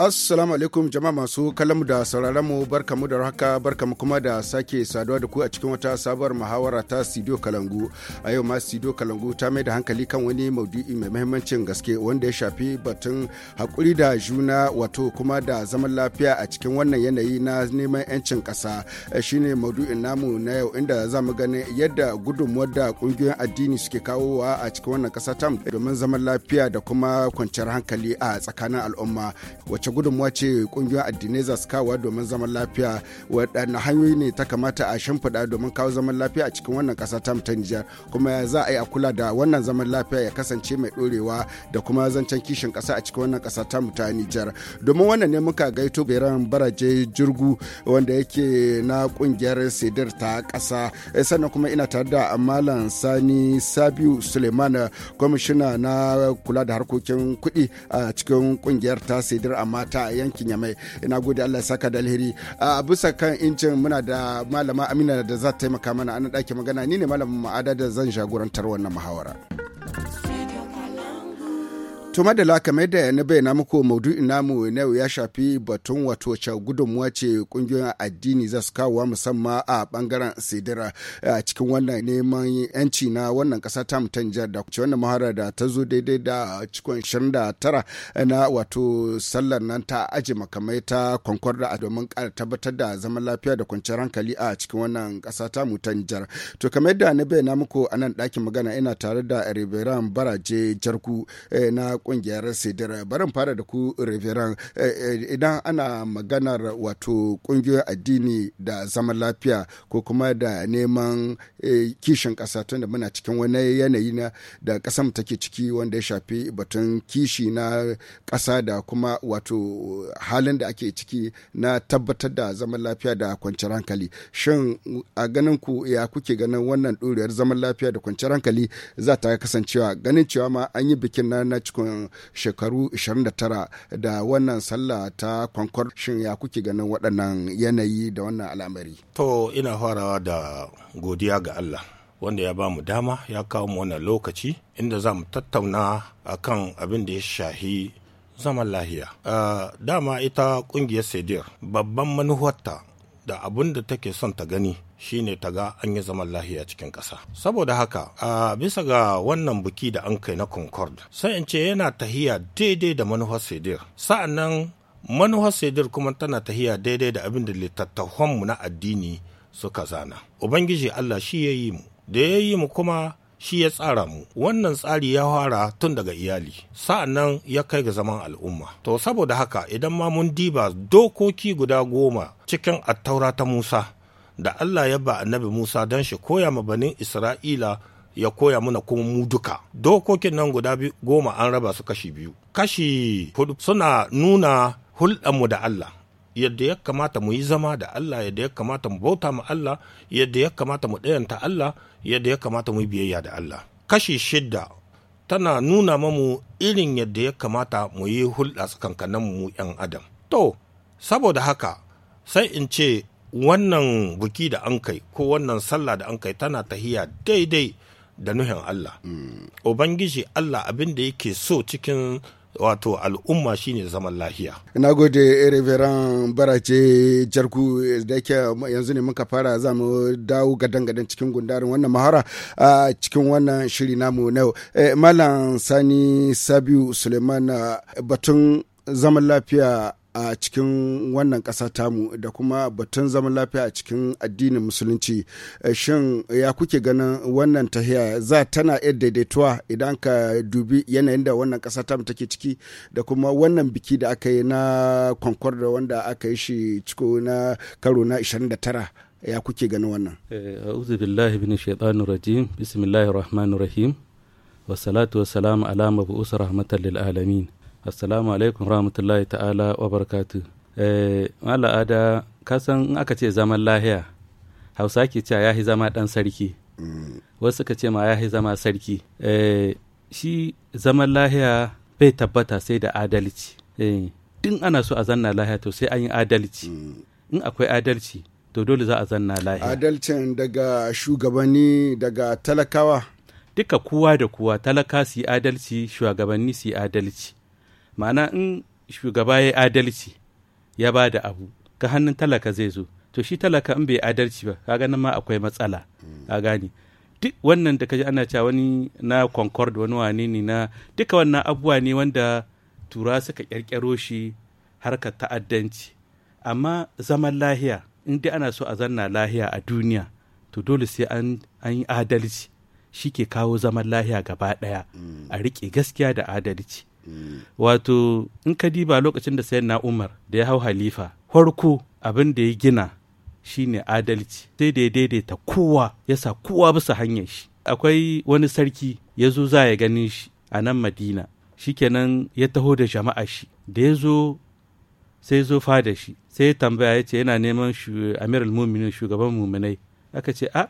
Assalamu alaikum jama'a masu kalamu da sauraron mu barkamu da haka barkamu kuma da sake saduwa da ku a cikin wata sabuwar muhawara ta Studio Kalangu. A yau ma Studio Kalangu ta mai da hankali kan wani maudu'i mai muhimmancin gaske wanda ya shafi batun hakuri da juna wato kuma da zaman lafiya a cikin wannan yanayi na neman yancin kasa eh, shine maudu'in namu na yau inda za mu gani yadda gudunmuwar da kungiyoyin addini suke wa a cikin wannan kasa ta domin zaman lafiya da kuma kwanciyar hankali a tsakanin al'umma wacce wace gudunmuwa ce kungiyoyin addinai za su kawo domin zaman lafiya waɗanne hanyoyi ne ta kamata a shimfiɗa domin kawo zaman lafiya a cikin wannan ƙasa ta ta jiyar kuma za a yi a kula da wannan zaman lafiya ya kasance mai ɗorewa da kuma zancen kishin ƙasa a cikin wannan ƙasa ta ta Nijar domin wannan ne muka gaito Beran Baraje Jirgu wanda yake na kungiyar Sidir ta ƙasa eh, sannan kuma ina tare da Malam Sani Sabiu Suleiman kwamishina na kula da harkokin kuɗi a cikin kungiyar ta Sidir amma mata a yankin yamai ina gode allah saka da alheri a bisa kan incin muna da malama amina da za ta taimaka mana an ɗaki magana ni ne malamin ma'ada da zan jagorantar wannan muhawara. To madala kamar da na bayyana muku maudu'in namu na ya shafi batun wato ce gudunmuwa ce kungiyoyin addini za su kawo musamman a bangaren sidira a cikin wannan neman yanci na wannan kasa ta jihar da ce wannan mahara da ta zo daidai da cikon 29 na wato sallar nan ta aji makamai ta kwankwarda a domin kara tabbatar da zaman lafiya da kwanciyar hankali a cikin wannan kasa ta jihar. To kamar da na bayyana muku a nan ɗakin magana ina tare da Riberan Baraje Jarku eh, na kungiyar sidira barin fara da ku reveran eh, eh, idan ana maganar wato kungiyoyin addini da zaman lafiya ko kuma da neman eh, kishin ƙasa tunda muna cikin wani yanayi na da ƙasar mu take ciki wanda ya shafi batun kishi na ƙasa da kuma wato halin da ake ciki na tabbatar da zaman lafiya da kwanciyar hankali shin a ganin ku ya kuke ganin wannan ɗorewar zaman lafiya da kwanciyar hankali za ta kasancewa ganin cewa ma an yi bikin na cikin kimanin shekaru 29 da wannan sallah ta kwankwar shin ya kuke ganin waɗannan yanayi da wannan al'amari to ina farawa da godiya ga Allah wanda ya ba mu dama ya kawo mu wannan lokaci inda za mu tattauna a kan abin da ya shahi zaman lahiya dama ita ƙungiyar sedir babban manuwarta da abin da take son ta gani shine ta ga an yi zaman lahiya cikin ƙasa saboda haka a bisa ga wannan buki da an kai na concord sai in ce yana tahiya daidai da manufar sedir sa'annan manufar sedir kuma tana tahiya daidai da abin da littattafanmu na addini suka zana ubangiji allah shi ya yi mu da ya yi mu kuma shi ya tsara mu wannan tsari ya fara tun daga iyali nan ya kai ga zaman al'umma to saboda haka idan ma mun diba dokoki guda goma cikin attaura ta musa da Allah ya ba annabi Musa don shi koya ma banin Isra'ila ya koya mana kuma mu duka. Dokokin nan guda goma an raba su kashi biyu. Kashi hudu suna nuna hulɗanmu da Allah. Yadda ya kamata mu yi zama da Allah, yadda ya kamata mu bauta ma Allah, yadda ya kamata mu ɗayanta Allah, yadda ya kamata mu biyayya da Allah. Kashi shidda tana nuna mamu irin yadda ya kamata mu yi hulɗa tsakankanin mu 'yan Adam. To, saboda haka sai in ce wannan buki da an kai ko wannan sallah da an kai tana tahiya daidai da nuhin Allah ubangiji Allah abin da yake so cikin wato al'umma shine zaman lahiya. Na gode Reverend Barace Jarku da yake yanzu ne muka fara za mu dawo gadan-gadan cikin gundarin wannan mahara a cikin wannan shiri namu na eh, Malam Sani Sabiu Suleiman batun zaman lafiya a cikin wannan ƙasa tamu da kuma batun zaman lafiya a cikin addinin musulunci eh, shin ya kuke ganin wannan tahiya za tana iya daidaituwa idan ka dubi yanayin da wannan ƙasa tamu take ciki da kuma wannan biki da aka yi na concord wanda aka yi shi ciko na karo na 29 ya kuke ganin wannan eh, a'udhu billahi min shaitanir rajim bismillahir rahmanir rahim rahmatan lil alamin assalamu alaikum rahmatullahi ta'ala wa barakatu eh ada san in aka ce zaman lahiya hausa ke cewa ya zama dan sarki wasu ka ce ma ya zama sarki eh, shi zaman lahiya bai tabbata sai da adalci in eh, ana so a zanna lahiya to sai an yi adalci in akwai adalci to dole za a zanna lahiya adalcin daga shugabanni daga talakawa duka kowa da kowa talaka su yi adalci shugabanni su yi adalci ma'ana in shugaba ya adalci ya ba da abu ga hannun talaka zai zo to shi talaka in bai adalci ba kaga nan ma akwai matsala a gane duk wannan da kaji ana cewa wani na concord wani wani ne na duka wannan abubuwa ne wanda tura suka kyarkyaro shi harkar ta'addanci amma zaman lahiya in dai ana so a zanna lahiya a duniya to dole sai an yi adalci shi ke kawo zaman lahiya gaba ɗaya a riƙe gaskiya da adalci wato in ka diba lokacin da sayan na umar da ya hau halifa farko abin da ya gina shine adalci sai da ya daidaita kowa ya sa kowa bisa hanyar shi akwai wani sarki ya zo za ya ganin shi a nan madina shikenan ya taho da jama'a shi da ya zo sai zo fada shi sai ya tambaya ya ce yana neman amir al shugaban muminai aka ce a ah,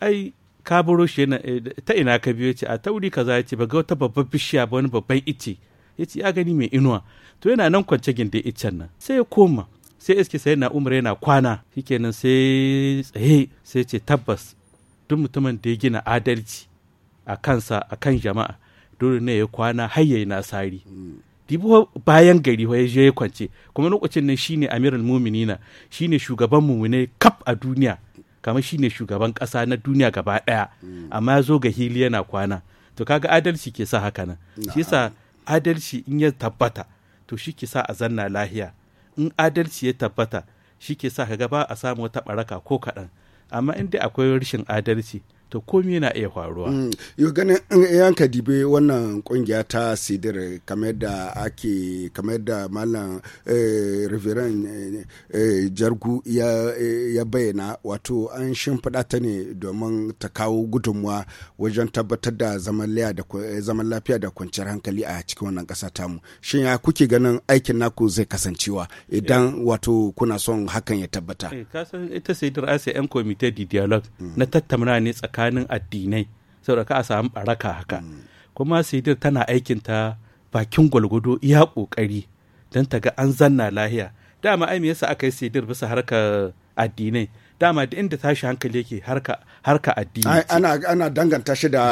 ai ka buro shi eh, ta ina ka biyo ce a tauri kaza ya ce ba ga wata babbar bishiya ba wani babban ice ya ce ya gani mai inuwa to yana nan kwance gindin iccen nan sai ya koma sai iske sai na umar yana kwana shikenan sai tsaye sai ce tabbas duk mutumin da ya gina adalci a kansa a kan jama'a dole ne ya kwana har yayi nasari dibo bayan gari ya je ya kwance kuma lokacin nan shine amirul muminina shine shugaban mumine kaf a duniya kamar shine shugaban kasa na duniya gaba daya amma ya zo ga hili yana kwana to kaga adalci ke sa haka nan shi yasa adalci in ya tabbata to shi ke sa a zanna lahiya in adalci ya tabbata shi ke sa ka ba a samu wata baraka ko kaɗan amma in dai akwai rashin adalci to komi na iya faruwa. Mm, yau ganin yan dibe wannan kungiya ta sidir kamar da ake kamar da malam eh, eh, eh jargu eh, ya, bayyana wato an shimfiɗa ta ne domin ta kawo gudunmuwa wajen tabbatar da zaman lafiya da kwanciyar hankali a cikin wannan ƙasa tamu shin ya kuke ganin aikin naku zai kasancewa idan wato kuna son hakan ya tabbata. kasan ita sidir asa yan komite di dialogue mm. na tattauna ne tsakanin tsakanin addinai saboda ka a samu baraka haka mm. kuma sidir tana aikin ta bakin gwalgwado iya kokari don ta ga an zanna lahiya dama ai me yasa aka yi sidir bisa harka addinai dama da inda tashi hankali yake harka harka addini ana ana danganta shi da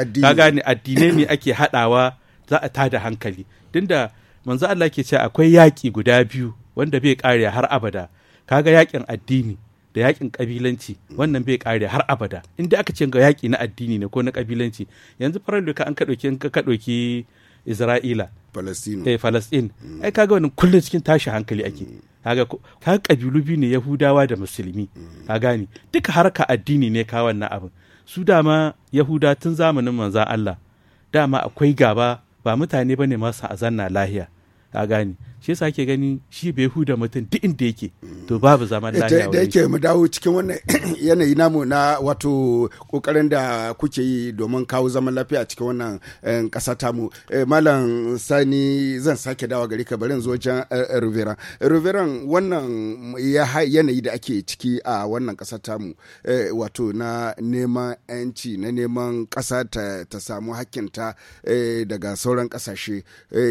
addini ka gane addinai ne ake hadawa za a tada hankali tunda manzo Allah ke cewa akwai yaki guda biyu wanda bai kare har abada kaga yakin addini da yakin kabilanci wannan bai kare har abada in da aka ce ga yaki na addini ne ko na kabilanci yanzu farar doka an ka ka dauki Isra'ila Palestine eh Palestine mm. ai kaga wannan kullun cikin tashi hankali ake kaga mm. ka kabilu biyu ne Yahudawa da Musulmi mm. ka gani duka harka addini ne ka wannan abin su dama Yahuda tun zamanin manzon Allah dama akwai gaba ba mutane bane masu azanna lahiya ka gani shi yasa ake gani shi bai huda mutum duk inda yake to babu zaman eh, lafiya da yake mu dawo cikin wannan yanayi namu na wato kokarin da kuke yi domin kawo zaman lafiya cikin wannan kasa eh, mu eh, malam sani zan sake dawo gari ka barin zo rivera rivera wannan yanayi da ake ciki a wannan kasa mu wato na neman yanci na neman kasa ta samu hakkinta daga sauran kasashe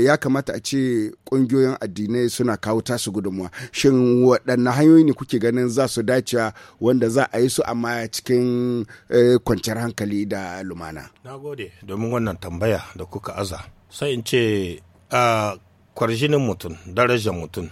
ya kamata a ce kungiyoyin addinai suna kawo tasu gudunmuwa shin waɗanne hanyoyi ne kuke ganin za su dace wanda za a yi su amma cikin eh, kwanciyar hankali da lumana na gode domin wannan tambaya da kuka aza sai in ce a kwarjinin mutum darajar mutum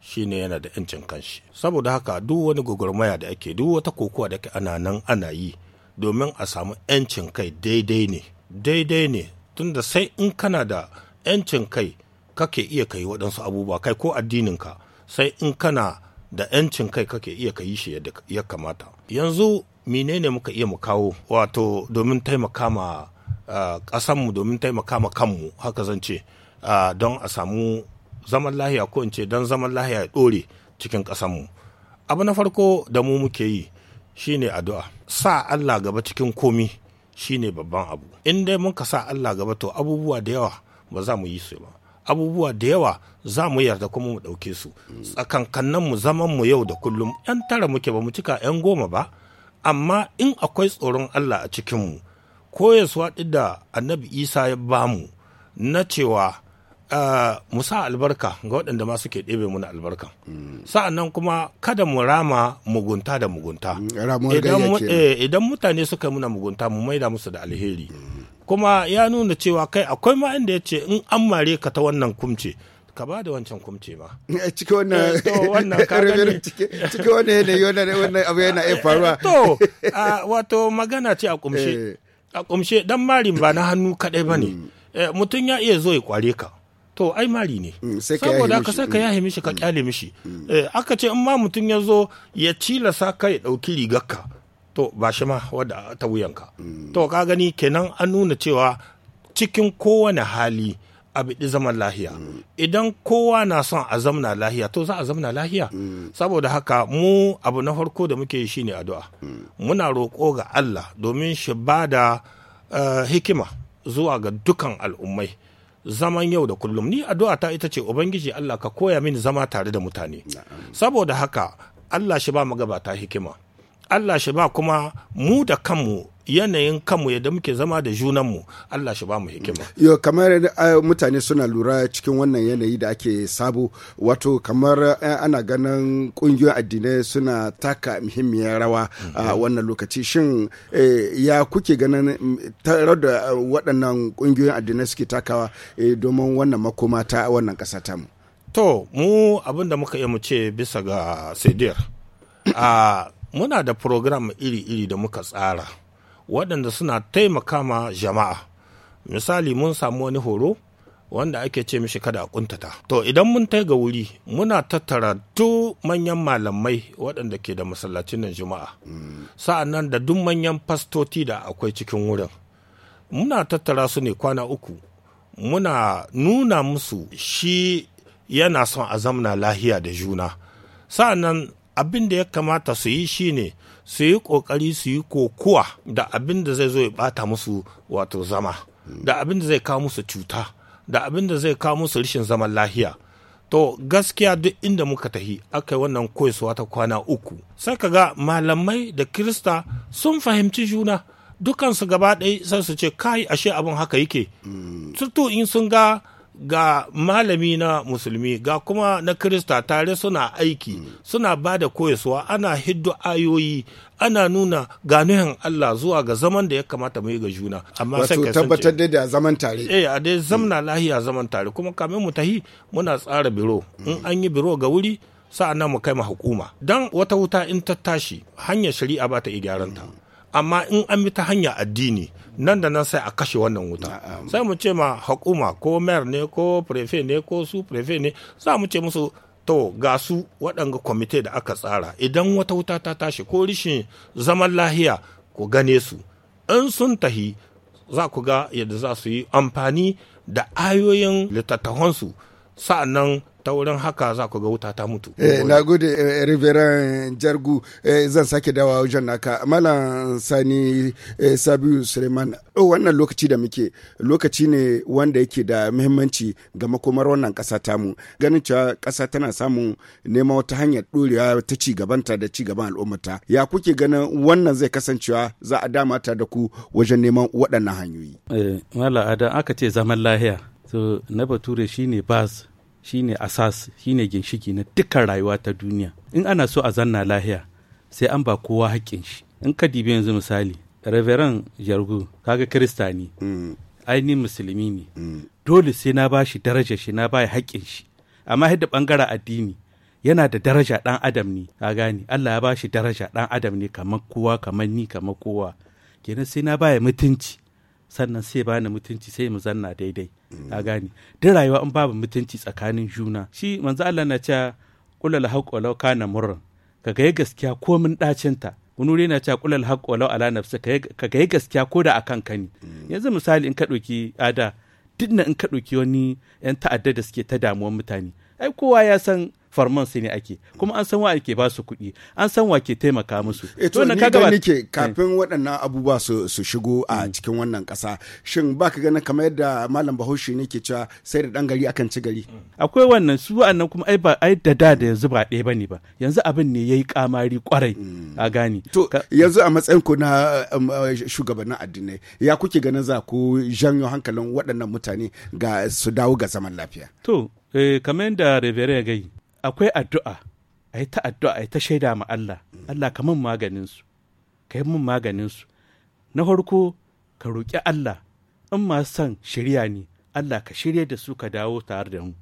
shine yana da yancin kanshi saboda haka duk wani gwagwarmaya da ake duk wata kokowa da ke ana nan ana yi domin a samu yancin kai daidai ne daidai ne tunda sai in kana da yancin kai kake iya kai waɗansu abubuwa kai ko addininka sai in kana da 'yancin kai kake iya ka yi shi yadda ya kamata yanzu menene muka iya mu kawo wato domin taimaka ma ƙasanmu domin taimaka ma kanmu haka zan ce don a samu zaman lahiya ko in ce don zaman lahiya ya ɗore cikin ƙasanmu abu na farko da mu muke yi shine addu'a sa Allah gaba cikin komi shine babban abu in dai muka sa Allah gaba to abubuwa da yawa ba za mu yi su ba abubuwa da yawa za mu yarda kuma mu ɗauke su tsakankanan mu zaman mu yau da kullum yan tara muke ba mu cika yan goma ba amma in akwai tsoron Allah a cikinmu ko ya swaɗi da annabi isa ya bamu na cewa ah, mu sa albarka ga waɗanda ma suke ɗebe mu na albarka mm. sa'annan kuma kada mu rama mugunta da mugunta mm, eh, idan mutane suka muna mugunta mu maida musu da alheri mm. kuma ya nuna cewa kai akwai ma inda ya ce in an mare ka ta wannan kumce ka ba da wancan kumce ma. Eh, cike wannan eh, cike wannan yanayi wannan abu yana iya faruwa. Eh, to, wato magana ce a kumshe. A kumshe dan marin ba na hannu kadai ba ne. Mm. Mutum ya iya zo ya kware ka. To, ai mari ne. Mm, Saboda ka sai ka yahe mishi ka kyale mm. mishi. Aka ce in ma mutum ya zo ya cilasa ka ya dauki rigarka. to ba shi ma wadda ta wuyanka to ka gani kenan an nuna cewa cikin kowane hali a biɗi zaman lahiya idan kowa na son a zamna lahiya to za a zamna lahiya saboda haka mu abu na farko da muke yi shine addu'a muna roƙo ga Allah domin shi ba da eh, hikima zuwa ga dukan al'ummai zaman yau da kullum ni addu'a ta ita ce ubangiji Allah ka koya mini zama tare da mutane saboda haka Allah shi ba magabata hikima Allah shi ba kuma mu da kanmu yanayin kanmu yadda muke zama da junanmu Allah shi ba mu hikima. Yo kamar mutane suna lura cikin wannan yanayi da ake sabo wato kamar ana ganin kungiyoyin addinai suna taka muhimmiyar rawa a mhm. wannan lokaci shin eh, ya kuke ganin tare da waɗannan kungiyoyin addinai suke takawa eh, domin wannan makoma ta wannan ƙasa mu. To mu abin da muka iya mu ce bisa ga Sidir. muna da program iri-iri da muka tsara waɗanda suna taimaka ma jama'a misali mun samu wani horo wanda ake ce mishi kada a kuntata to idan mun tai ga wuri muna tattara duk manyan malamai waɗanda ke da masallacin nan juma'a sa'an nan da duk manyan fastoti da akwai cikin wurin muna tattara su ne kwana uku muna nuna musu shi yana son a zamna lahiya da juna sa'an nan abin da ya kamata su yi shi ne su yi ƙoƙari su yi kokuwa da abin da zai zo ya ɓata musu wato zama da abin da zai kawo musu cuta da abin da zai kawo musu rashin zaman lahiya to gaskiya duk inda muka tahi aka yi wannan koyaswa ta kwana uku sai ka ga malamai da kirista sun fahimci juna dukansu gaba ɗaya sai su ce kai ashe abin haka yake mm. surtu in sun ga ga malami na musulmi ga kuma na krista tare suna aiki hmm. suna ba da koyaswa ana hiddu ayoyi ana nuna ganuhin Allah zuwa ga zaman da ya kamata mu yi ga juna amma sai ka tabbatar da zaman tare eh a dai zamna hmm. lahiya zaman tare kuma kamin mu tahi muna tsara biro in hmm. an yi biro ga wuri sa'annan mu kai mu hukuma dan wata wuta in ta tashi hanyar shari'a ba ta iya gyaranta amma in an bi ta hanya addini nan da nan sai a kashe wannan wuta sai mu ce ma hukuma ko mayor ne ko prefe ne ko su prefe ne za mu ce musu to ga su waɗanga kwamite da aka tsara idan wata wuta ta tashi ko rishin zaman lahiya ku gane su in sun tahi za ku ga yadda za su yi amfani da ayoyin littattafansu sa'annan ta wurin haka za ku ga wuta ta mutu. Eh, na gode eh, Reverend Jargu eh, zan sake dawa wajen naka. Malam Sani eh, Sabiu Suleiman. Oh, wannan lokaci da muke lokaci ne wanda yake da muhimmanci ga makomar wannan kasa tamu. Ganin cewa kasa tana samun neman wata hanyar dorewa ta ci gabanta da ci gaban al'ummata. Ya kuke ganin wannan zai kasancewa za a dama ta da ku wajen neman waɗannan hanyoyi. Eh, Malam Adam aka ce zaman lahiya. So, na bature shine bas shine asas shine ginshiki na dukkan rayuwa ta duniya in ana so a zanna lahiya sai an ba kowa haƙƙin shi in ka dibi yanzu misali reverend jargu kaga krista ne mm. ainihin musulmi ne mm. dole sai na bashi darajar shi na bai haƙƙin shi amma yadda bangaren addini yana da daraja ɗan adam ne ka gane Allah ya bashi daraja ɗan adam ne kamar kowa kamar ni kamar kowa kenan sai na baya mutunci sannan sai bani mutunci sai mu zanna daidai ka gane duk rayuwa in babu mutunci tsakanin juna shi manzo Allah na cewa kulal haqqo law kana murran ka ga gaskiya ko mun dacin ta wani na cewa kulal haqqo law ala nafsi ka ga gaskiya ko da akan kani mm. yanzu misali in ka ɗauki ada duk in ka ɗauki wani yan ta'adda da suke ta damuwar mutane ai kowa ya san su ne ake kuma an san wa ake ba su kuɗi an san wa ke taimaka musu eh to ni kaga nike eh. kafin waɗannan abubuwa su shigo a mm. cikin wannan ƙasa shin ka gani kamar yadda malam bahaushe ne ke cewa sai da ɗan gari akan ci gari mm. akwai wannan su wa'annan kuma ai ba ai da da da yanzu ba ɗaya bane ba yanzu abin ne yayi kamari kwarai mm. a gani to yanzu a matsayin ku na um, uh, shugabannin addinai ya kuke ganin za ku janyo hankalin waɗannan mutane ga su dawo ga zaman lafiya to eh, kamar da revere gai akwai addu'a a yi ta addu'a a yi ta shaida ma Allah Allah ka min maganin su ka yi min maganin su na farko ka roƙi Allah in ma son shirya ne Allah ka shirya da su ka dawo tare da mu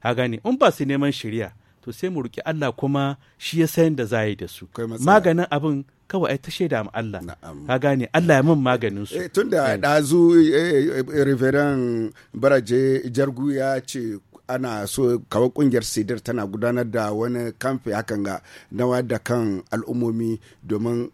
ha gane in ba su neman shirya to sai mu roƙi Allah kuma shi ya san da za yi da su maganin abin kawai ai ta shaida ma Allah ka gane Allah ya min maganin su eh, tunda dazu eh, eh, reverend baraje jargu ya ce ana so kawai kungiyar sidir tana gudanar da wani kamfe hakan ga na da kan al'ummomi domin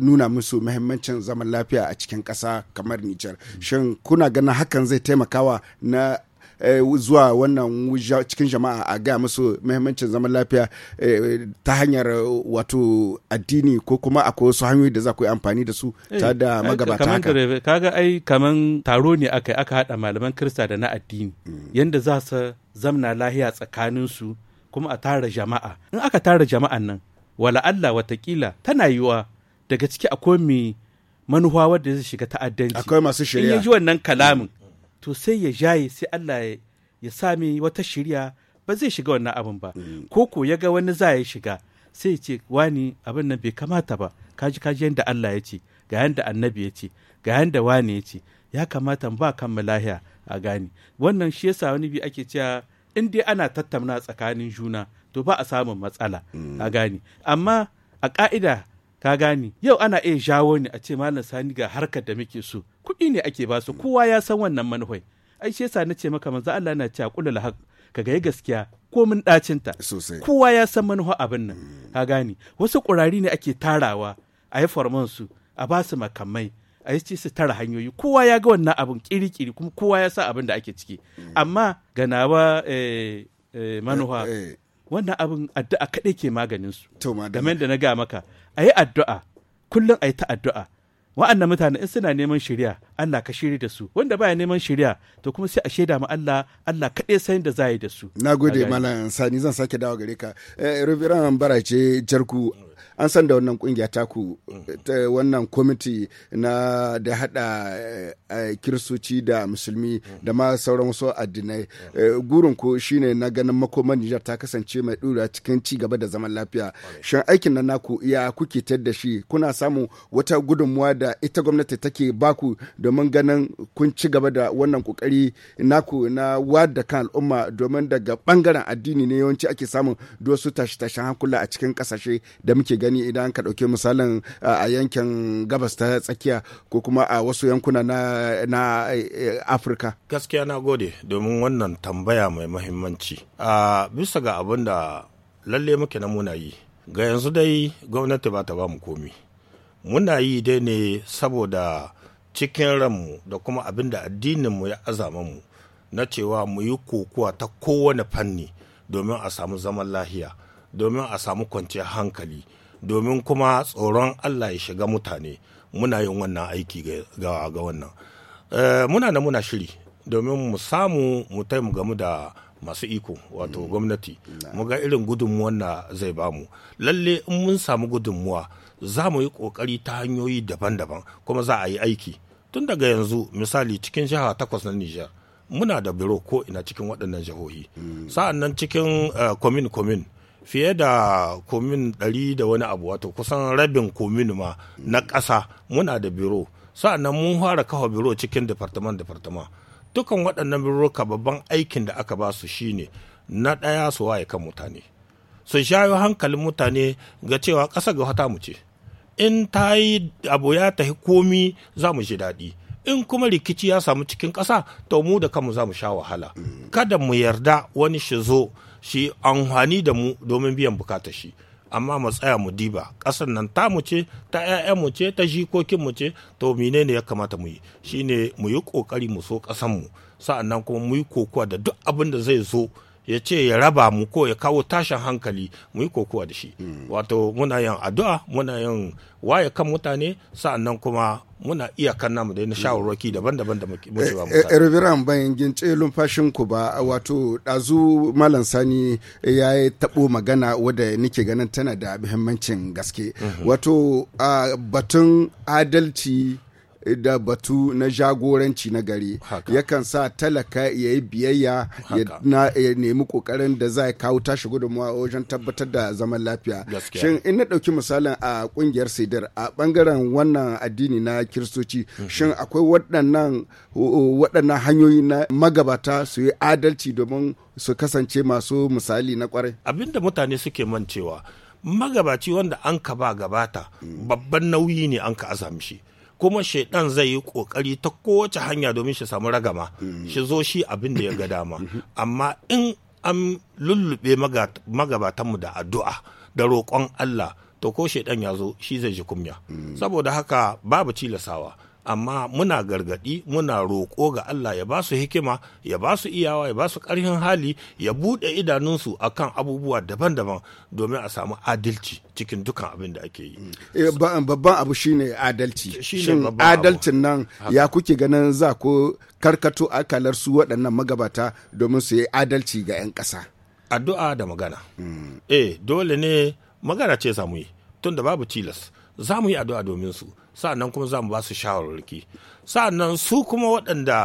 nuna musu mahimmancin zaman lafiya a cikin ƙasa kamar Nijar. Shin kuna ganin hakan zai taimakawa na Eh, zuwa wannan cikin jama'a a ga musu muhimmancin zaman lafiya eh, ta hanyar eh, wato addini ko kuma akwai wasu hanyoyi da za ku yi amfani da su ta da magabata haka kaga ai kaman taro ne aka aka hada malaman kirista da na addini mm. yanda za su zamna lahiya tsakanin su kuma a tara jama'a in aka tara jama'an nan wala Allah watakila tana yiwa daga ciki akwai mai manuwa wadda zai shiga ta'addanci akwai masu shirya in ji wannan kalamin to sai ya jaye sai Allah ya sami wata shirya ba zai shiga wannan abin ba mm. ko ko ya ga wani za ya shiga sai ya ce wani abin nan bai kamata ba kaji kaji yanda Allah ya ce ga yanda annabi ya ce ga yanda wani ya ce ya kamata ba kan lahiya a gani wannan shi yasa wani bi ake cewa in dai ana tattauna tsakanin juna to ba a samun matsala a mm. gani amma a ka'ida ka gani yau ana iya jawo ne a ce malam sani ga harkar da muke so kuɗi ne ake ba su kowa ya san wannan manufai ai shi yasa na ce maka manzo Allah na cewa kulul Ka kaga gaskiya mun dacin ta kowa ya san manufa abin nan ka gane wasu kurari ne ake tarawa a yi forman su a ba su makamai a yi ce su tara hanyoyi kowa ya ga wannan abin kiri-kiri kuma kowa ya sa abin da ake ciki amma ganawa eh eh, eh, eh, wannan abin addu'a kaɗai ke maganin su game da na ga maka Ayi addu'a kullum a yi ta addu'a wa'annan mutane in suna neman shari'a Allah ka shiri da su wanda baya neman shari'a to kuma sai a shaida ma Allah Allah kaɗai san da za yi da su. Na gode malam Sani zan sake dawo gare ka. Eh, Reverend Barace Jarku an san da wannan kungiya taku mm. ta wannan kwamiti na da hada eh, eh, kirsoci da musulmi mm. da ma sauran wasu addinai mm. eh, gurin ko shine na ganin makoman Nijar ta kasance mai dura cikin ci gaba da zaman lafiya shin aikin nan naku ya kuke tar da shi kuna samu wata gudunmuwa da ita gwamnati take baku domin ganin kun ci gaba da wannan kokari naku na wada kan al'umma domin daga bangaren addini ne yawanci ake samun dosu tashi-tashin hankula a cikin kasashe da muke kuke gani idan ka ɗauki misalin a yankin gabas ta tsakiya ko kuma a wasu yankuna na, eh, eh, afirka gaskiya na gode domin wannan tambaya mai mahimmanci a bisa ga abin da lalle muke na muna yi ga yanzu dai gwamnati ba ta ba mu komi muna yi dai ne saboda cikin ranmu da kuma abin da addininmu ya azama mu na cewa mu yi kokuwa ta kowane fanni domin a samu zaman lahiya domin a samu kwanciyar hankali domin kuma tsoron Allah ya shiga mutane muna yin wannan aiki ga wannan eh, muna na muna shiri domin mu samu mu taimu gamu da masu iko wato mm. gwamnati mu ga irin gudunmuwa na zai bamu lalle in mun samu gudunmuwa za mu yi kokari ta hanyoyi daban-daban kuma za a yi aiki tun daga yanzu misali cikin jiha takwas na Nijar muna da biro ko ina cikin waɗannan jihohi mm. sa'an nan cikin commune-commune. Eh, fiye da komin ɗari da wani abu wato kusan rabin komin ma na ƙasa muna da biro sa'annan mun fara kafa biro cikin departament departament dukan waɗannan biro ka babban aikin da aka ba su shine na ɗaya su waye kan mutane su shayo hankalin mutane ga cewa ƙasa ga wata mu ce in ta yi abu ya tafi komi za mu ji daɗi in kuma rikici ya samu cikin ƙasa to mu da kanmu za mu sha wahala kada mu yarda wani shi zo shi amfani da mu domin biyan bukatar shi amma mu tsaya mu diba ƙasar nan ta mu ce ta mu ce ta jikokin mu ce to menene ya kamata mu yi shine mu yi ƙoƙari mu so mu sa'annan kuma mu yi kokuwa da duk abin da zai zo ya ce ya raba mu ko ya kawo tashin hankali mu yi kokowa da shi mm. wato muna yin addu'a muna yin waye kan mutane sa'annan kuma muna iya kan namu da yin shawarwaki mm. daban-daban da muke ba eh, mutane. Eh, bayan gince lumfashin ku ba wato ɗazu Malam Sani ya yi taɓo magana wadda nike ganin tana da muhimmancin gaske. Mm-hmm. Wato batun adalci da batu na jagoranci na gari yakan sa talaka ya yi biyayya ya nemi kokarin da za ya kawo tashi gudunmawa wajen tabbatar da zaman lafiya shin in na ɗauki misalin a ƙungiyar sidar a ɓangaren wannan addini na kiristoci mhm. shin akwai waɗannan hanyoyi na magabata su yi adalci domin su kasance masu misali na kwarai abinda mutane suke mancewa magabaci wanda an ka ba gabata mm. babban nauyi ne an ka azamshi. kuma shaidan zai yi kokari ta kowace hanya domin shi samu ragama shi zo shi abin da ya ga dama amma in an lullube magabatanmu da addu'a da roƙon Allah to ko shaidan ya zo shi zai ji kunya saboda haka babu tilasawa amma muna gargadi muna roƙo ga Allah ya ba su hikima ya ba su iyawa ya ba su ƙarfin hali ya buɗe idanunsu akan abubuwa daban-daban domin a samu adalci cikin dukan abin da ake yi eh, babban abu shine adalci shin adalcin nan ya kuke ganin za ko karkato akalar su waɗannan magabata domin su yi adalci ga 'yan ƙasa addu'a da magana hmm. eh dole ne magana ce samu yi tun da babu tilas za mu yi addu'a domin su sa'annan kuma za mu ba su shawararki sa'annan su kuma waɗanda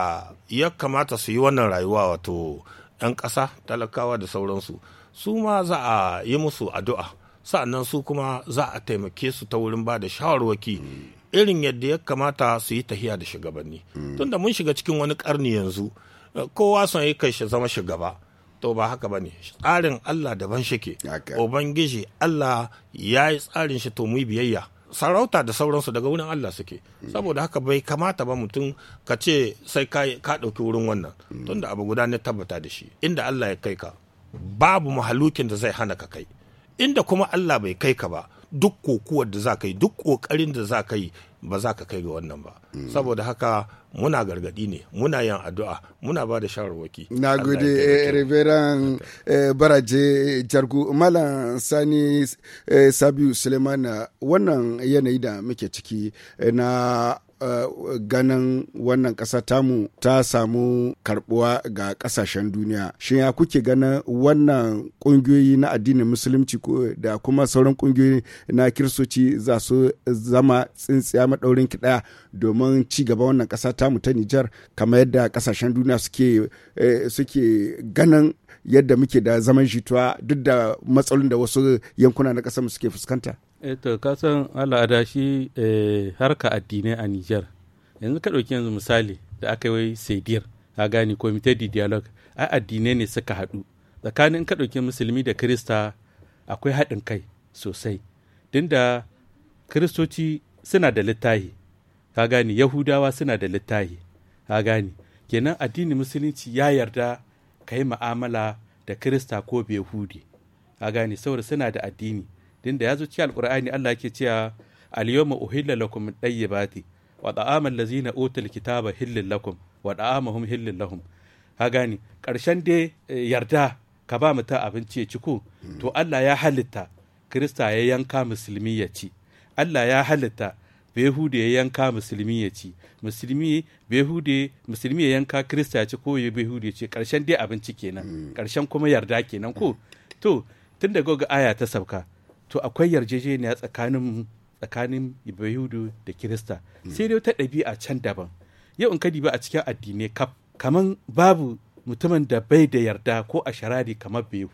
ya kamata su yi wannan rayuwa wato 'yan ƙasa talakawa da sauransu su ma za a yi musu addu'a sa'annan su kuma za a taimake su ta wurin ba da shawarwaki irin yadda ya kamata su yi tahiya da shugabanni tunda mun shiga cikin wani karni yanzu kowa son yi kai zama shugaba to ba haka ba ne tsarin allah daban shike ubangiji allah ya yi tsarin shi to mu biyayya sarauta da sauransu daga wurin Allah suke saboda haka bai kamata ba mutum ka ce sai ka ɗauki wurin wannan tunda abu guda ne tabbata da shi inda Allah ya kai ka babu mahalukin da zai hana ka kai inda kuma Allah bai kai ka ba duk kokuwar da za ka yi duk kokarin da za ka yi ba za ka kai ga wannan ba mm. saboda haka muna gargadi ne muna yin addu'a muna ba da shawarwaki na gode eh, reveran eh, baraje jargu malam sani eh, sabiu suleiman wannan yanayi da muke ciki na ganan eh, ganin wannan ƙasa tamu ta samu karbuwa ga ƙasashen duniya shin ya kuke ganin wannan ƙungiyoyi na addinin musulunci da kuma sauran ƙungiyoyi na kiristoci za su zama tsintsiya maɗaurin kiɗa domin ci gaba wannan ƙasa tamu ta nijar kamar yadda ƙasashen duniya suke ganan eh, ganin yadda muke da zaman jituwa duk da matsalolin da wasu yankuna na ƙasar suke fuskanta eto eh kasan al'ada shi eh, harka addinai a Nijar yanzu ka ɗauki yanzu misali da aka yi sedir a gani comité de dialogue a addinai ne suka haɗu tsakanin ka ɗauki musulmi da krista akwai haɗin kai sosai dinda kiristoci suna da littahi ka gani yahudawa suna da littahi ka gani kenan addini musulunci ya yarda ka yi ma'amala da kirista ko yahudi ka gani saboda suna da addini din da ya zo cikin Alƙur'ani Allah yake cewa al-yawma uhilla lakum tayyibati wa ta'amal ladzina utul kitaba hillal lakum wa ta'amuhum hillal lahum ha gani karshen dai eh, yarda ka ba ta abinci ya ci ko to Allah ya halitta Kirista ya yanka musulmi ya ci Allah ya halitta Behude ya yanka musulmi ya ci musulmi Behude musulmi ya yanka Kirista ya ci ko ya Behude ya ci karshen dai abinci kenan hmm. karshen kuma yarda kenan ko to tun daga aya ta sabka to akwai yarjejeniya tsakanin tsakanin yahudu da kirista sai dai wata ɗabi'a can daban yau in ka diba a cikin addinai kaf kaman babu mutumin da bai da yarda ko a sharari kamar bai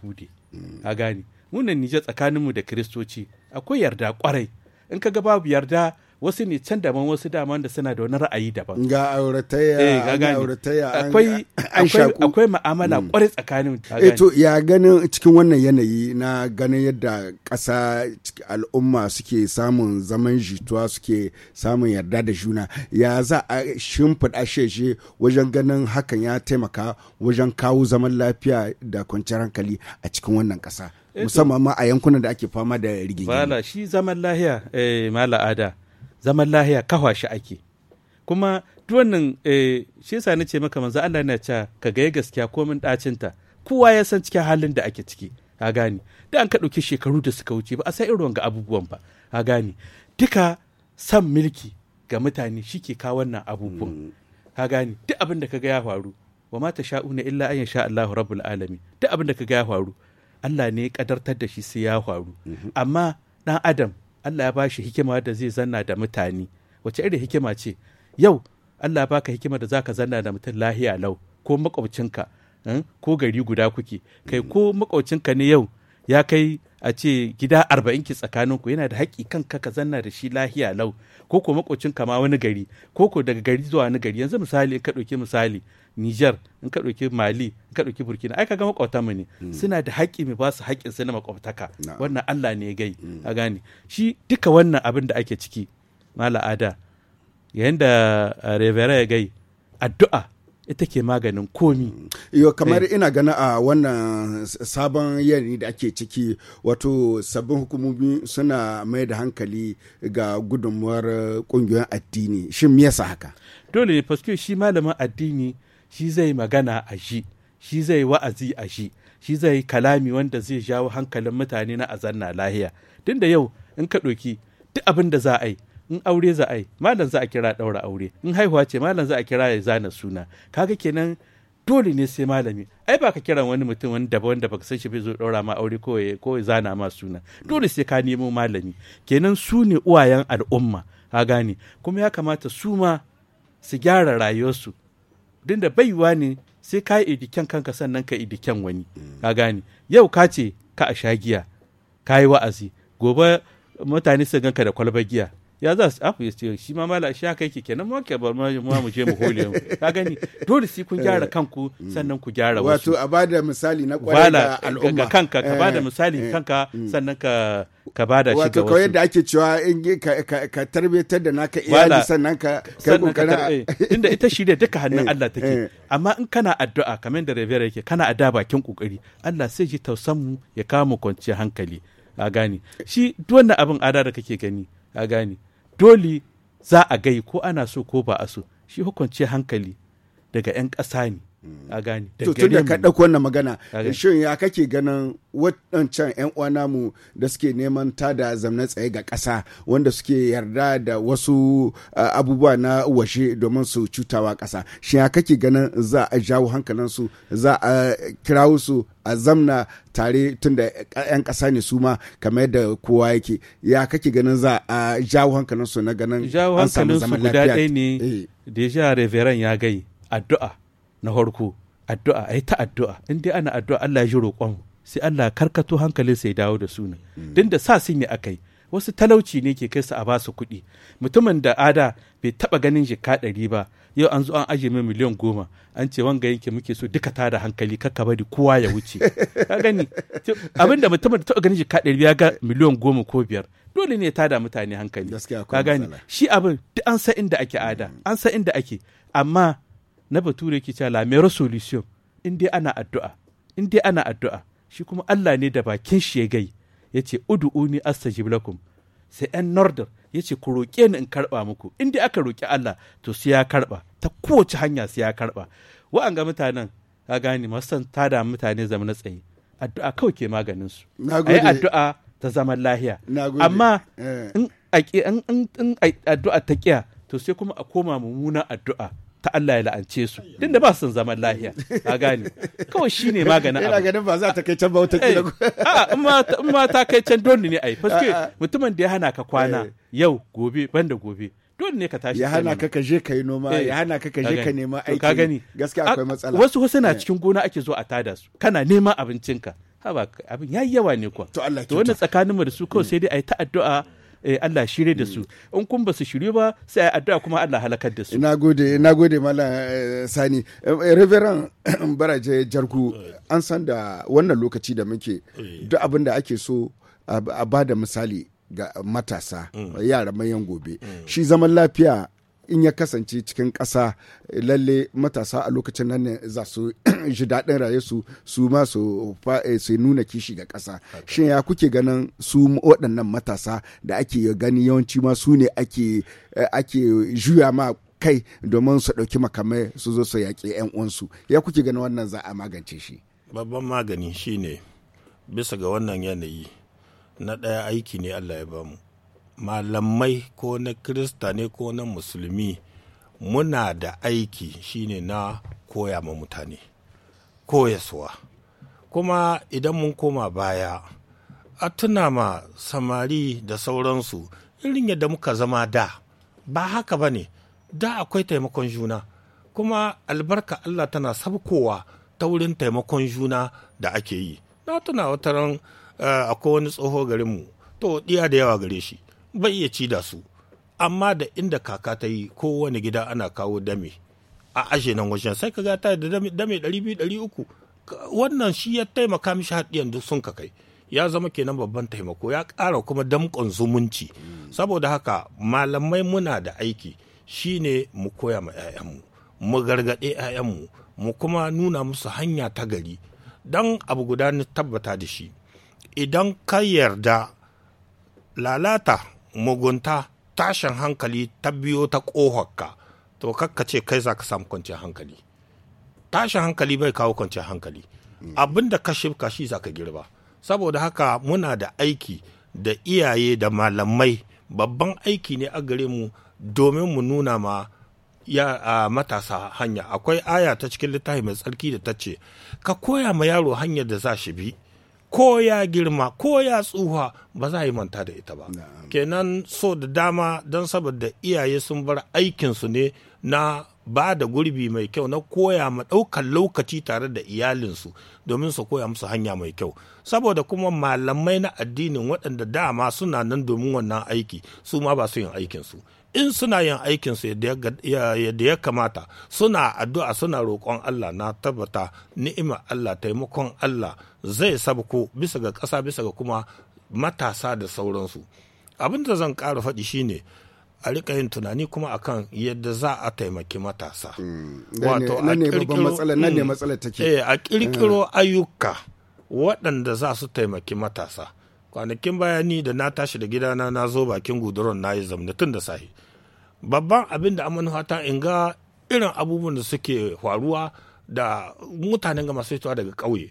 a gane munan nijar tsakaninmu da kiristoci akwai yarda kwarai in ka ga babu yarda wasu ne can daban wasu daman da suna da wani ra'ayi daban ga aurataya eh, ga aurataya akwai akwai ma'amala kwarai hmm. tsakanin eh to ya ganin cikin wannan yanayi na ganin yadda ƙasa al'umma suke samun zaman jituwa suke samun yarda da juna ya za a shimfiɗa sheshe wajen ganin hakan ya taimaka wajen kawo zaman lafiya da kwanciyar hankali a cikin wannan ƙasa eh, musamman ma a yankunan da ake fama da rigingimi. Bala shi zaman lahiya eh, mala ada zaman lahiya kawa shi ake kuma duk wannan eh, shi yasa nace maka manzo Allah yana cewa ka ga gaskiya komin dacin ta kowa ya san cikin halin da ake ciki ka gani da an ka ɗauki shekaru da suka wuce ba a san irin ga abubuwan ba ka gani duka san milki ga mutane shike ka wannan abubuwan mm. ka gani duk abin da kaga ya faru wa ma ta sha'una illa an sha Allah rabbul alamin duk abin da kaga ya faru Allah ne ya kadartar da shi sai ya faru mm-hmm. amma dan adam Allah ya ba shi hikima da zai zanna da mutane wace irin hikima ce yau Allah ya baka hikima da zaka zanna da mutum lahiya lau ko makwabcinka hmm, ko gari guda kuke kai ko makwabcinka ne yau ya kai a ce gida arba'in ki ku yana da haƙƙi kanka ka zanna da shi lahiya lau ko ko makwabcinka ma wani gari ko ko daga gari zuwa wani gari yanzu misali ka ɗauki misali nijar in ka ɗauki Mali in ka ɗauki Burkina ai kaga makwabta mu ne mm. suna da haƙƙi mu ba su haƙƙin su na makwabtaka wannan Allah ne gai mm. a gane shi duka wannan abin da ake ciki mala ada yayin da uh, revera ya gai addu'a ita ke maganin komi. Mm. Yo kamar eh. ina gana a wannan sabon yanayi da ake ciki wato sabbin hukumomi suna mai da hankali ga gudunmuwar kungiyoyin uh, addini shin me yasa haka? Dole ne shi malamin addini shi zai magana a shi shi zai wa'azi a shi shi zai kalami wanda zai jawo hankalin mutane na azanna lahiya tun da yau in ka ɗoki duk abin da za a yi in aure za a yi malam za a kira ɗaura aure in haihuwa ce malam za a kira ya zana suna kaga kenan dole ne sai malami ai ba ka kiran wani mutum wani daban wanda baka san shi bai zo ɗaura ma aure ko ko zana ma suna dole sai ka nemo malami kenan su ne uwayen al'umma ka gane kuma ya kamata su ma su gyara rayuwarsu din da baiwa ne sai ka yi idiken kanka sannan ka idiken wani ka gane yau ka ce ka a sha giya ka yi wa'azi gobe mutane su ganka da kwalbar giya ya za su afu ah, ya ce shi ma mala shi haka yake kenan mu ke bar ma mu je mu hole mu ka gani dole sai kun gyara eh, kanku mm. sannan ku gyara wasu wato a bada misali na kwarai da eh, al'umma ga kanka ka bada eh, misali kanka mm. sannan ka ka bada shi ga wasu wato kawai yadda ake cewa in ka tarbiyatar da naka iyali sannan ka kai kokarin inda ita shirya duka hannun Allah take amma in kana addu'a kamar da Rivera yake kana adda bakin kokari Allah sai ji tausan mu ya kama kwanciyar hankali a gani shi duk wannan abin adara da kake gani a gani dole za a gai ko ana so ko ba a so shi hukunci hankali daga 'yan ƙasa ne a gane to tun da ka ɗauko wannan magana shin ya kake ganin waɗancan 'yan uwa namu da suke neman ta da zamna tsaye ga ƙasa wanda suke yarda da wasu abubuwa na washe domin su cutawa ƙasa shin ya kake ganin za a jawo hankalinsu za a kirawo su a zamna tare tun da 'yan ƙasa ne su ma kamar yadda kowa yake ya kake ganin za a jawo hankalinsu na ganin an samu zaman lafiya jawo guda ɗaya ne eh. da ya reverend ya gai addu'a na farko addu'a ai ta addu'a in dai ana addu'a Allah ya ji roƙon sai Allah karkato hankalin sai dawo da su din mm. da sa sun yi akai wasu talauci ne ke kai su a ba su kuɗi mutumin da ada bai taɓa ganin jika ɗari ba yau an zo an aje mai miliyan goma an ce wanga yanke muke so duka tada hankali kaka bari kowa ya wuce ka gani abin da mutumin da taɓa ganin jika ɗari ya ga miliyan goma ko biyar dole ne ya tada mutane hankali ka gani shi abin duk an san inda ake ada mm. an san inda ake amma na bature ke cewa la meilleure solution in dai ana addu'a in dai ana addu'a shi kuma Allah ne da bakin shi ya gai ya ce ud'uni astajib lakum sai yan norder ya ce ku roƙe ni in karba muku in dai aka roƙi Allah to sai ya karba ta kowace hanya sai ya karɓa wa'anga mutanen ka gane san tada mutane zama na tsaye addu'a kawai ke maganin su ayi addu'a ta zaman lahiya amma eh. in addu'a ta kiya to sai kuma a koma mummunan addu'a ta Allah ya la'ance su din da ba su zaman lahiya ka gane kawai ne maganin abu ina ganin ba za ta kai can ba wata kila eh, a'a in ma ta kai can dole ne ai faske mutumin da ya hana ka kwana eh. yau gobe banda gobe dole ne ka tashi ya hana ka ka je ka yi noma eh, ya hana ka ka je ka nema aiki ka gani gaskiya akwai matsala wasu wasu na cikin gona ake zo a tada su kana neman abincinka haba abin yayi yawa ne kuwa to Allah to wannan tsakaninmu da su kawai mm. sai dai ai ta addu'a Eh, Allah shirye da su hmm. in kun ba su shirye ba sai a addu'a kuma Allah halakar da su ina gode ina gode mallam eh, sani eh, reverend baraje jarku an san da wannan lokaci da muke duk abin da ake so a ba da misali ga matasa hmm. yara mayan gobe hmm. shi zaman lafiya in ya kasance cikin ƙasa lalle matasa a lokacin nan za su ji daɗin raye su su ma eh, su nuna kishi ga ƙasa shin ya kuke ganin su waɗannan matasa da ake gani yawanci ma su ne ake eh, ake juya ma kai domin su ɗauki makamai su zo su yaƙi 'yan uwansu ya kuke ganin wannan za a magance shi babban magani shine bisa ga wannan yanayi na ɗaya aiki ne allah ya bamu malamai ko na kirista ne ko na musulmi muna da aiki shine na koya ma mutane koyaswa kuma idan mun koma baya a tuna ma samari da sauransu irin yadda muka zama da ba haka ba ne da akwai taimakon juna kuma albarka Allah tana sabkowa ta wurin taimakon juna da ake yi na tuna wata ran eh, akwai wani tsoho garinmu to ɗiya da yawa gare shi bai iya ci da su amma da inda kaka ta yi kowane gida ana kawo dame a ashe nan wajen sai ka ga ta da dame ɗari biyu ɗari uku wannan shi ya taimaka mishi haɗiyan duk sun ka kai ya zama kenan babban taimako ya ƙara kuma damƙon zumunci saboda haka malamai muna da aiki shine mu koya ma 'ya'yanmu mu gargaɗe 'ya'yanmu mu kuma nuna musu hanya ta gari don abu guda ni tabbata da shi idan ka yarda lalata mugunta tashin hankali ta biyo ta ƙohorka to kakka ce kai za ka samu kwanciyar hankali tashin hankali bai kawo kwanciyar hankali mm. abin da ka shifka shi za ka girba saboda haka muna da aiki da iyaye da malamai babban aiki ne a gare mu domin mu nuna ma ya a matasa hanya akwai aya ta cikin littafi mai tsarki da ta ce ka koya ma yaro hanyar da za shi bi ko ya girma ko ya tsuha ba za a yi manta da ita ba kenan so da dama don saboda iyaye sun bar aikinsu ne na ba da gurbi mai kyau na koya ma ɗaukar lokaci tare da iyalinsu domin su koya musu hanya mai kyau saboda kuma malamai na addinin waɗanda dama suna nan domin wannan aiki su ma ba su yin aikinsu in suna yin aikinsu yadda ya kamata suna addu'a suna roƙon Allah na tabbata ni'ima Allah taimakon Allah zai sabko bisa ga ƙasa bisa ga kuma matasa da sauransu abin da zan ƙara faɗi shine a rika yin tunani kuma akan yadda za a taimaki matasa hmm. wato hmm. eh, a ƙirƙiro hmm. ayyuka waɗanda za su taimaki matasa kwanakin bayani da na tashi da gidana na zo bakin guduron na yi zamna tun da sahi babban abin da amanuhata in ga irin abubuwan da suke faruwa da mutanen ga masu hitowa daga ƙauye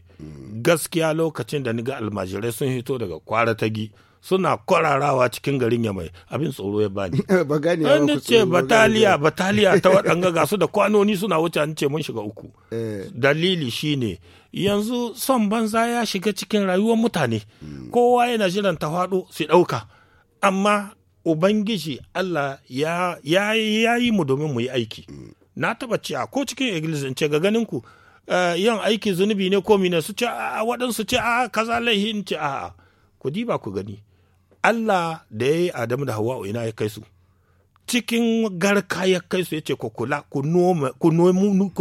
gaskiya lokacin da ni ga almajirai sun hito daga kwara tagi suna kwararawa cikin garin ya mai abin tsoro ya bani ba an ce bataliya bataliya ta waɗanga ga su da kwanoni suna wuce an ce mun shiga uku eh. dalili shine yanzu son banza ya shiga cikin rayuwar mutane hmm. kowa yana jiran ta faɗo su ɗauka amma ubangiji Allah ya yi mu domin mu yi aiki hmm. na taɓa cewa ko cikin iglis in ce ga ganin ku eh, yan aiki zunubi ne ko mine su ce a waɗansu ce a kaza laihin ce a ku diba ku gani Allah da ya yi Adamu da Hawwa ina ya kai su cikin garka ya kai su ya ce ku kula ku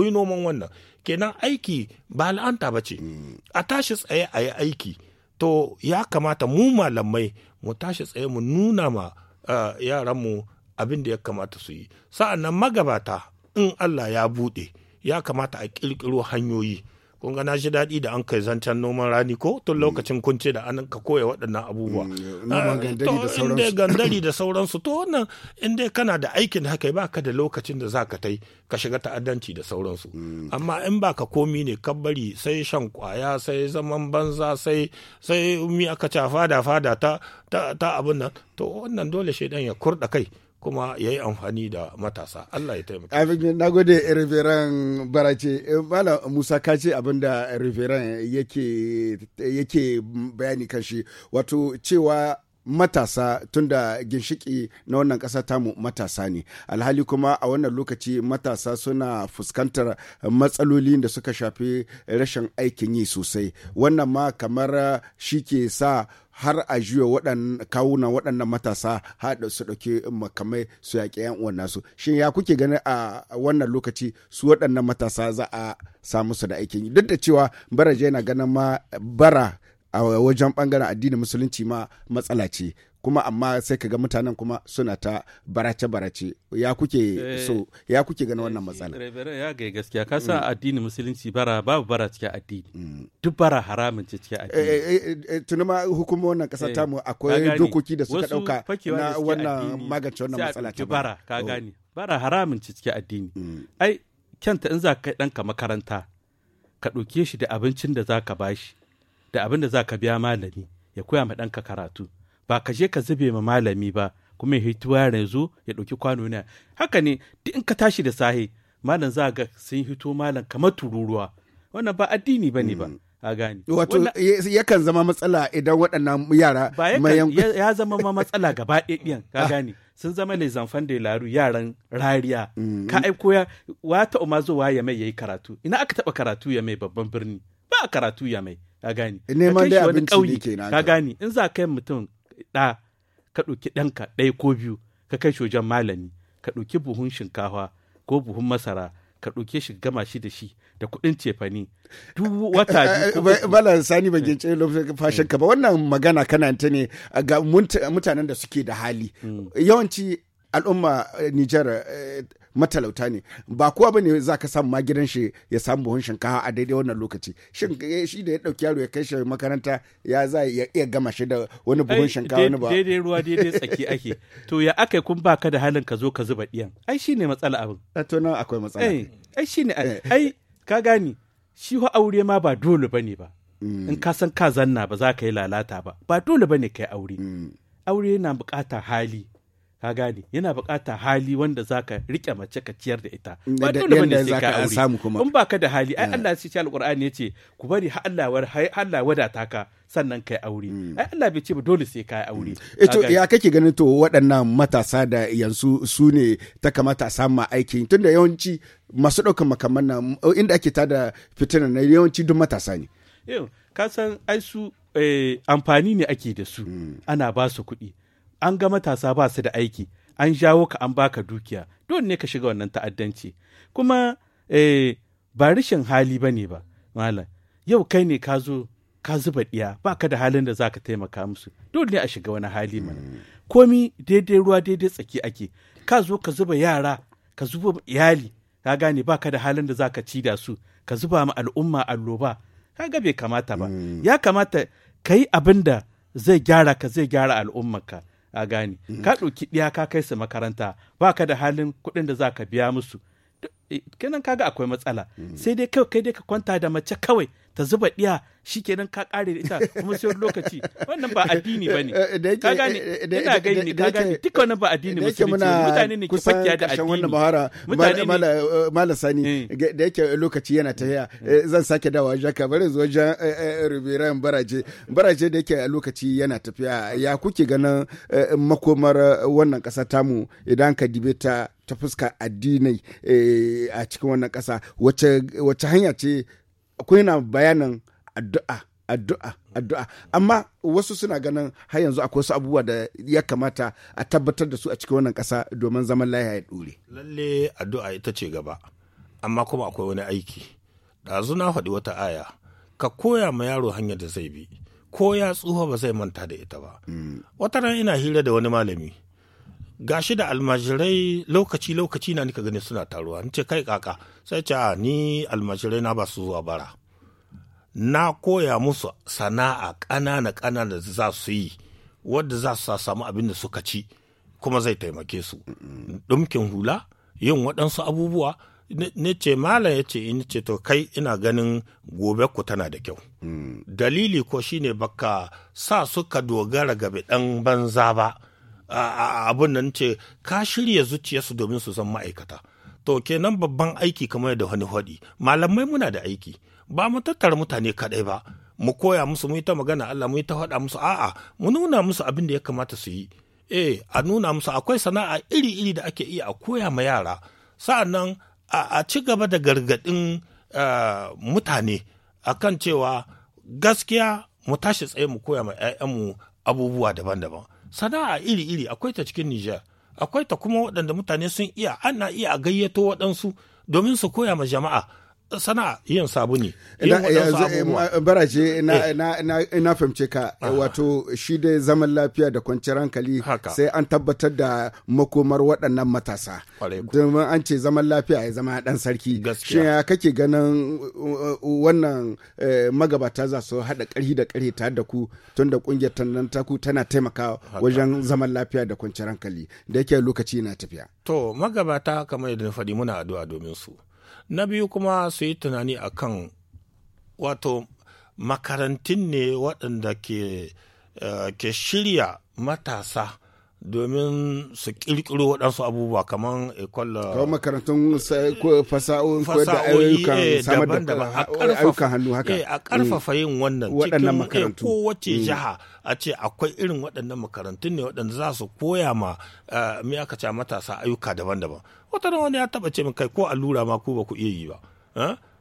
yi noman wannan kenan aiki ba la'anta ba ce a tashi tsaye a yi aiki to ya kamata mu malamai mu tashi tsaye mu nuna ma yaran mu abin da ya kamata su yi sa'annan magabata in Allah ya buɗe ya kamata a ƙirƙiro hanyoyi kun ga na shi daɗi da an kai zancen noman rani ko tun mm. lokacin kun ce da an ka koya waɗannan abubuwa mm, eh, inda gandari da sauransu to wannan inda kana da aikin haka ba ka da lokacin da za ka tai ka shiga ta'addanci da sauransu mm. amma in ba ka komi ne ka bari sai shan kwaya sai zaman banza sai sai mi aka ca fada fada ta ta abin nan to wannan dole shaidan ya kurɗa kai kuma ya yi amfani da matasa Allah ya taimaka. Abin na gode Reveren Barace, eh, malam Musa ka ce abin da Reveren yake bayani kan wato cewa matasa tunda ginshiki na wannan kasa tamu matasa ne alhali kuma a wannan lokaci matasa suna fuskantar matsaloli da suka shafi rashin aikin yi sosai wannan ma kamar shi ke sa har a juya kawuna kawunan waɗannan matasa haɗa su ɗauki makamai su yaƙi yan uwan nasu shin ya kuke ganin a wannan lokaci su waɗannan matasa za a samu su da aikin yi? duk da cewa jai na ganin ma bara a wajen bangaren addinin musulunci ma matsala ce kuma amma sai ka ga mutanen kuma suna ta barace-barace ya kuke eh, so ya kuke gani wannan matsala eh, ya ga gaskiya ka sa mm. addinin musulunci bara babu bara cikin addini mm. duk bara haramun ce cikin addini eh, tuni ma hukumar wannan kasa ta mu akwai dokoki da suka dauka na wannan magance wannan matsala ta bara ka oh. gane bara haramun ce cikin addini mm. ai kyanta in za ka kai ɗanka makaranta ka ɗauke shi da abincin da za ka bashi da abin da za ka biya malami ya koya ma ɗanka karatu ba ka je ka zube ma malami ba kuma ya hito ya zo ya ɗauki kwano na haka ne duk in ka tashi da sahi malam za ga sun hito malam kamar tururuwa wannan ba addini ba ne ba mm. a gane wato yakan zama matsala idan waɗannan yara ya zama ma matsala gaba ka ah. gane sun zama zanfan da laru yaran rariya mm. ka aiko ya wata umazowa ya mai yayi karatu ina aka taɓa karatu ya mai babban birni ba karatu ya mai ka gani eh, neman dai abinci ne ka gani in za kai mutum da ka ɗauki ɗanka ɗaya ko biyu ka kai shi wajen malami ka ɗauki buhun shinkafa ko buhun masara ka ɗauke shi gama shi da shi da kuɗin cefani duk wata eh, bala eh, sani ba gince lokacin fashin ka ba wannan magana kana ta ne ga mutanen da suke da hali hmm. yawanci al'umma Nijar matalauta ne ba kowa ba ne za ka samu ma gidan shi ya samu buhun shinkafa a daidai wannan lokaci shin eh, shi da ya ɗauki yaro ya kai shi makaranta ya za ya iya gama shi da wani buhun shinkafa wani ba daidai ruwa daidai tsaki ake to ya aka kun ba ka da halin ka zo ka zuba ɗiyan ai shi ne matsala abin eh, to nan akwai matsala eh, ai shi ne ai ka gani shi wa aure ma ba dole ba ne mm. ba in ka san ka zanna ba za ka yi lalata ba ba dole ba ne ka yi aure mm. aure yana buƙatar hali ka gane yana bukata hali wanda zaka rike mace ka ciyar da ita ba dole bane sai ka aure in baka da hali ai eh. Allah shi alqur'ani yace ku bari har Allah war Allah wadata ka sannan kai aure hmm. ai Allah bai ce ba dole sai kai aure hmm. eh, to ya kake ganin to waɗannan matasa da yanzu su ne ta kamata a samu aiki tunda yawanci masu ɗaukar makaman nan inda ake tada fitina na yawanci duk matasa ne ka san ai su eh, amfani ne ake da su hmm. ana ba su kuɗi an ga matasa ba su da aiki an jawo ka an baka dukiya don ne ka shiga wannan ta'addanci kuma eh, ba rashin hali ba ne ba malam yau kai ne ka zo ka zuba ɗiya ba ka da halin da za ka taimaka musu dole ne a shiga wani hali mana komi daidai ruwa daidai tsaki ake ka zo ka zuba yara ka zuba iyali ka gane ba ka da halin da za ka ci da su ka zuba ma al'umma alloba ka ga bai kamata ba mm. ya kamata ka yi abin da zai gyara ka zai gyara al'ummarka a gane mm. ka ɗauki ɗiya ka kai su makaranta ba ka da halin kuɗin da za ka biya musu Eh, kenan kaga akwai matsala mm. sai dai kawai kai dai ka kwanta da mace kawai ta zuba diya shi kenan ka kare ita kuma sai lokaci wannan ba addini bane ne eh, eh, ka gane ina gani ne ka gane duk wannan ba addini musulunci mutane ne ke fakkiya da addini mutane ne mala sani da yake lokaci yana ta zan sake dawa jaka bari zuwa jan rubiran baraje baraje da yake lokaci yana tafiya ya kuke ganin makomar wannan kasa tamu idan ka dibe ta ta fuska addinai a cikin wannan ƙasa wacce hanya ce akwai na bayanin addu'a addu'a addu'a amma wasu suna ganin har yanzu akwai wasu abubuwa da ya kamata a tabbatar da su a cikin wannan ƙasa domin zaman lafiya ya dure lalle addu'a ita ce gaba amma kuma akwai wani aiki ɗazu na faɗi wata aya ka koya ma yaro hanyar da zai bi ko ya tsufa ba zai manta da ita ba mm. wata ran ina hira da wani malami gashi da almajirai lokaci-lokaci na nika gani suna taruwa ni ce kai kaka sai ce ni almajirai na ba su zuwa bara na koya musu sana'a ƙanana ƙanana da za su yi wadda za su samu abin da suka ci kuma zai taimake su ɗumkin hula yin waɗansu abubuwa ne ce malam ya ce in ce to kai ina ganin gobe ku tana da kyau hmm. dalili ko shine baka sa suka dogara ga ɗan banza ba abin nan ce ka shirya zuciyarsu domin su san ma'aikata to kenan babban aiki kamar yadda wani faɗi malamai muna da aiki ba mu tattara mutane kaɗai ba mu koya musu mu yi ta magana Allah mu yi ta faɗa musu a'a mu nuna musu abin da ya kamata su yi eh a nuna musu akwai sana'a iri-iri da ake iya a koya ma yara sa'annan a ci gaba da gargaɗin eh, mutane akan cewa gaskiya mu tashi tsaye mu koya ma 'ya'yanmu abubuwa daban-daban sana'a iri-iri akwai ta cikin Nijar, akwai ta kuma waɗanda mutane sun iya ana iya gayyato waɗansu domin su koya ma jama'a sana yin sabu ne eh, bara baraje eh. na fahimce ka ah. wato shi dai zaman lafiya da kwanciyar hankali sai an tabbatar da makomar waɗannan matasa domin an ce zaman lafiya ya zama ɗan sarki shi ya kake ganin wannan eh, magabata za su haɗa ƙarhi da ƙarhi tare da ku tun da ƙungiyar tannan taku tana taimakawa wajen zaman lafiya da kwanciyar hankali da yake lokaci na tafiya to magabata kamar yadda na faɗi muna addu'a domin su na biyu kuma su yi tunani a kan wato makarantun ne waɗanda ke, eh, shirya matasa domin su kirkiro waɗansu abubuwa kamar ikola kawo makarantun fasa'o'in koyar da eh, ayyukan samar da ayyukan hannu haka eh, a mm. ƙarfafa yin wannan cikin eh, kowace mm. jiha a ce akwai irin waɗannan makarantun ne waɗanda za su koya ma mai aka ce matasa ayyuka daban-daban wata wani ya taɓa ce min kai ko allura ma ku ba ku iya yi ba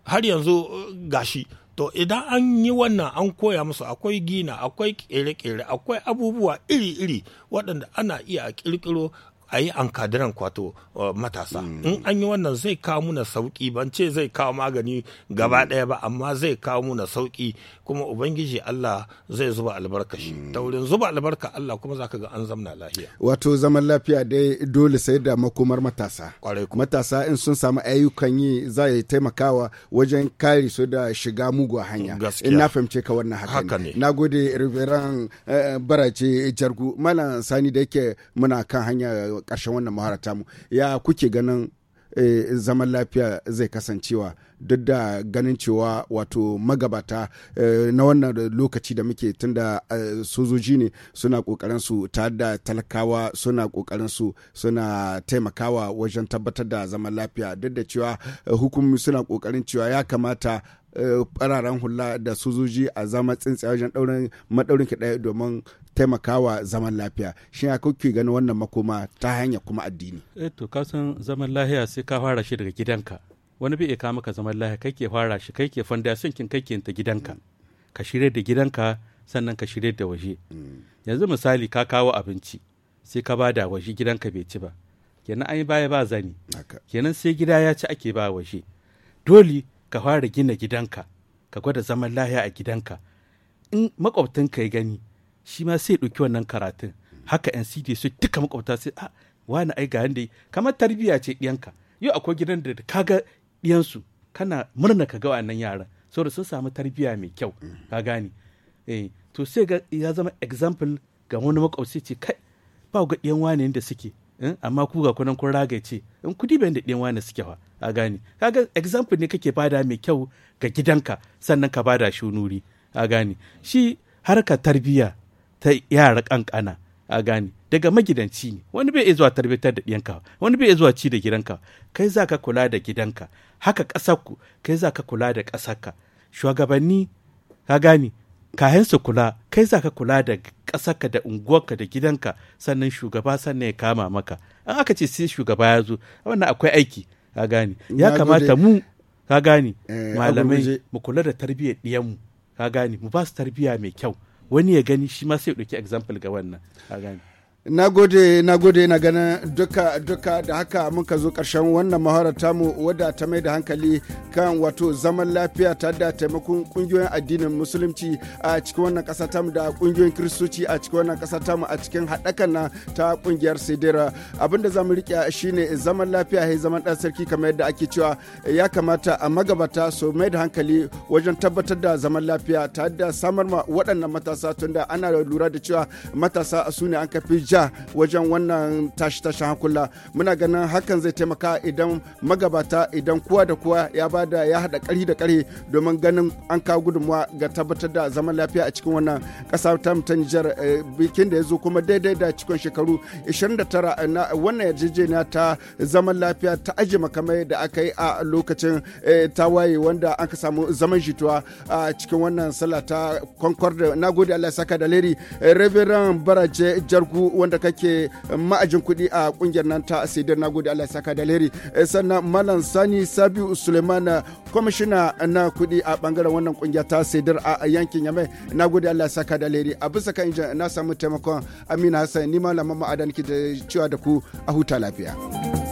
har yanzu gashi to idan an yi wannan an koya musu akwai gina akwai kere-kere akwai abubuwa iri-iri waɗanda ana iya a ƙirƙiro a yi ankadiran kwato uh, matasa mm. in an yi wannan zai kawo muna sauki ban ce zai kawo magani gaba mm. ɗaya ba amma zai kawo muna sauki kuma ubangiji Allah zai zuba albarka shi mm. ta wurin zuba albarka Allah kuma zaka ga an zamna lafiya wato zaman lafiya dai dole sai da makomar matasa matasa in sun samu ayyukan yi za ya taimakawa wajen kare su da shiga mugu hanya in na fahimce ka wannan haka ne nagode riveran eh, barace jargu malam sani da yake muna kan hanya ƙarshen wannan mahara mu ya kuke ganin eh, zaman lafiya zai kasancewa duk da ganin cewa wato magabata eh, na wannan lokaci da muke tunda eh, sojoji ne suna kokarin su tare da talakawa suna kokarin su suna taimakawa wajen tabbatar da zaman lafiya duk da cewa eh, hukumi suna kokarin cewa ya kamata fararen hula da sojoji a zama tsintsiya wajen daurin madaurin ki domin taimakawa zaman lafiya shi ya kuke ganin wannan makoma ta hanya kuma addini eh to ka san zaman lafiya sai ka fara shi daga gidanka wani bai ka maka zaman laya kai ke fara shi kai ke fondation kin kai ke ta gidanka ka shirya da gidanka sannan ka shirya da waje yanzu misali ka kawo abinci sai ka bada waje gidanka bai ci ba kenan an yi baya ba zani kenan sai gida ya ci ake ba waje dole ka fara gina gidanka ka gwada zaman lahiya a gidanka in makwabtanka ya gani shi ma sai ɗauki wannan karatun haka yan cd su duka makwabta sai a ah, wani ai ga yanda kamar tarbiyya ce ɗiyanka yau akwai gidan da ka ga. ɗiyansu kana murna ka ga wannan yaran saboda sun samu tarbiyya mai kyau mm. ka gane eh to sai ga ya zama example ga wani makwabci ce kai ba ga ɗiyan wane da suke eh, amma ku ga kunan kun ragace in kudi ban da ɗiyan wane suke fa a gane kaga example ne kake bada mai kyau ga gidanka sannan ka bada shi nuri ka gane shi harkar tarbiyya ta yara kankana a gane daga magidanci ne wani bai zuwa tarbitar da ɗiyanka wani bai zuwa ci da gidanka kai za ka kula da gidanka haka ƙasarku kai za ka kula da ƙasarka shugabanni ka gane kayan su kula kai za ka kula da ƙasarka da unguwarka da gidanka sannan shugaba sannan ya kama maka an aka ce sai shugaba ya zo wannan akwai aiki ka gane ya kamata mu ka gane eh, malamai mu kula da tarbiyyar ɗiyanmu ka gane mu ba su tarbiyya mai kyau wani ya gani shi ma sai ya ɗauki example ga wannan a gani na gode na gode na ganin duka duka da haka muka zo karshen wannan mahara tamu wadda ta mai da hankali kan wato zaman lafiya tare da taimakon kungiyoyin addinin musulunci a cikin wannan kasa tamu da kungiyoyin kiristoci a cikin wannan kasa tamu a cikin haɗakan na ta kungiyar sedera abinda za mu riƙe shine zaman lafiya ya zaman dan sarki kamar yadda ake cewa ya kamata a magabata su mai da hankali wajen tabbatar da zaman lafiya tare da samar ma waɗannan matasa tunda ana lura da cewa matasa su ne an kafi ja hujja wajen wannan tashi tashi hankula muna ganin hakan zai taimaka idan magabata idan kowa da kowa ya bada ya hada kari da kari domin ganin an kawo gudunmuwa ga tabbatar da zaman lafiya a cikin wannan kasa ta ta Nijar eh, bikin da ya zo kuma daidai da cikin shekaru 29 eh, na wannan yarjejeniya ta zaman lafiya ta aji makamai da aka yi a lokacin eh, tawaye wanda an ka samu zaman jituwa a cikin wannan sallah ta Concord na gode Allah saka da leri Reverend Baraje Jargu wanda kake eh, ma'ajin kuɗi a kungiyar nan ta Sidir na gode Allah saka da leri eh, sannan Malam Sani Sabiu Suleiman eh, kwamishina na kuɗi a bangaren wannan kungiya ta Sidir a yankin Yamai na gode Allah saka da leri a bisa kan injin na samu taimakon Amina Hassan ni malamin ma'adan ki da cewa da ku a huta lafiya.